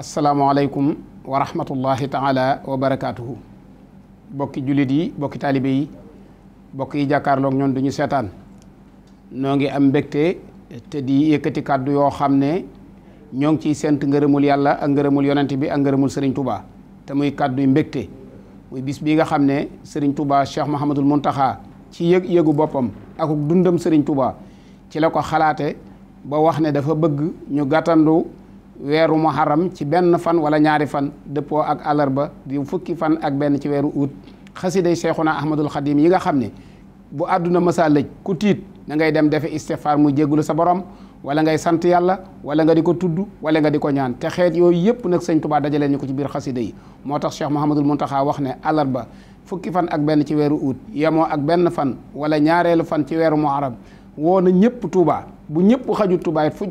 asalaamualeykum wa rahmatullahi taala wa barakaatuhu bokki jullit yi bokki taalibe yi bokk yi jàkkaarlook ñoon duñu seetaan noo ngi am mbégte te di yëkkati kàddu yoo xam ne ñoo ngi ciy sent ngërëmul yàlla ak ngërëmul yonent bi ak ngërëmul Serigne Touba te muy kàdduy mbégte muy bis bi nga xam ne Serigne Touba Cheikh Mahamadul Muntaxa ci yëg yëgu boppam ak dundam sëriñ Touba ci la ko xalaate ba wax ne dafa bëgg ñu gàttandu weeru muharram ci benn fan wala ñaari fan dëppoo ak àllarba di fukki fan ak benn ci weeru août xasiday Cheikhuna Ahmadul Xadim yi nga xam ne bu àdduna mësaa lëj ku tiit da ngay dem defe istighfar mu jéggulu sa borom wala ngay sant yàlla wala nga di ko tudd wala nga di ko ñaan te xeet yooyu yëpp nag sëñ Tuubaa dajaleen ñu ko ci biir xasida yi moo tax Cheikh mun Muntaxa wax ne àllarba fukki fan ak benn ci weeru août yemoo ak benn fan wala ñaareelu fan ci weeru muharram woo na ñëpp Tuubaa ñëpp xaju Tuubaa fu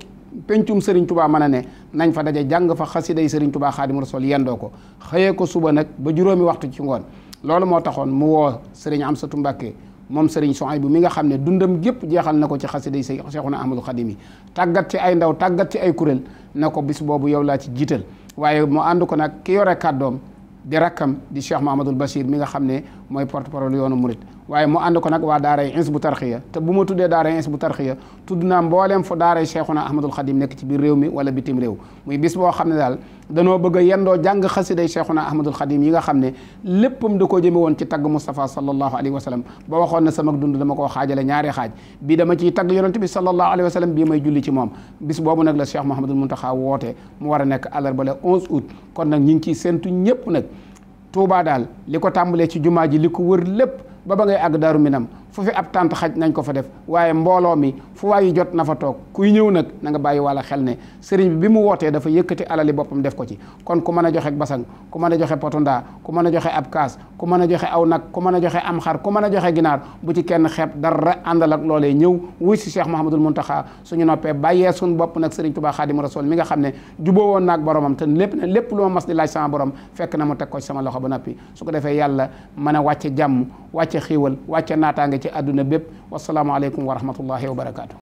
pencum Serigne tubaa mën a ne nañ fa daje jàng fa xasiday Serigne Touba Xaadimu Rasuul yendoo ko xëyee ko suba nag ba juróomi waxtu ci ngoon loolu moo taxoon mu woo Serigne Amsatou Mbacké moom Serigne Souhaïbou mi nga xam ne dundam gépp jeexal na ko ci xasiday Seexuna Ahmadul Xadim yi tàggat ci ay ndaw tàggat ci ay kuréel na ko bis boobu yow laa ci jiital waaye mu ànd ko nag ki yore kàddoom di rakkam di Cheikh Mahamadul Bachir mi nga xam ne mooy porte parole yoonu murit waaye mu ànd ko nag waa daaray Hizbut Tarqiyyah te bu ma tuddee daaray Hizbut Tarqiyyah tudd naa mbooleem fu daaray Cheikhuna Ahmadul Khadim nekk ci biir réew mi wala bitim réew muy bis boo xam ne daal danoo bëgg a yendoo jàng xasiday Cheikhuna Ahmadul Khadim yi nga xam ne léppam da ko jëme woon ci tagg Moustapha sallallahu alayhi wa sallam ba waxoon na sama dund dama koo xaajale ñaari xaaj bii dama ciy tagg yonent bi sallallahu alayhi wa sallam bii may julli ci moom bis boobu nag la Cheikh Mouhamadul Mountakha woote mu war a nekk àllarba le 11 août kon nag ñu ngi ciy séntu ñëpp nag Touba daal li ko tàmbalee ci jumaa ji li ko wër lépp ba ba ngay àgg Daaru Minam fu fi ab tànt xaj nañ ko fa def waaye mbooloo mi fu yi jot na fa toog kuy ñëw nag na nga bàyyi walla xel ne sëriñ bi bi mu wootee dafa yëkkati alali boppam def ko ci kon ku mën a joxe basang ku mën a joxe potonda ku mën a joxe ab kaas ku mën a joxe aw nag ku mën a joxe am xar ku mën a joxe ginaar bu ci kenn xeeb dara àndal ak loolee ñëw wuy si Cheikh Mouhamadul Mountakha suñu noppee bàyyee suñ bopp nag sëriñ Tuubaa Xaadimu Rasuul mi nga xam ne juboo woon naag boromam te lépp lépp lu ma mas di borom fekk na mu teg ko sama loxo ba noppi su ko defee yàlla mën a wàcce jàmm wàcce xiiwal wàcce naataange ci àdduna bépp wasalaamualeykum wa rahmatullahi wa barakaatu.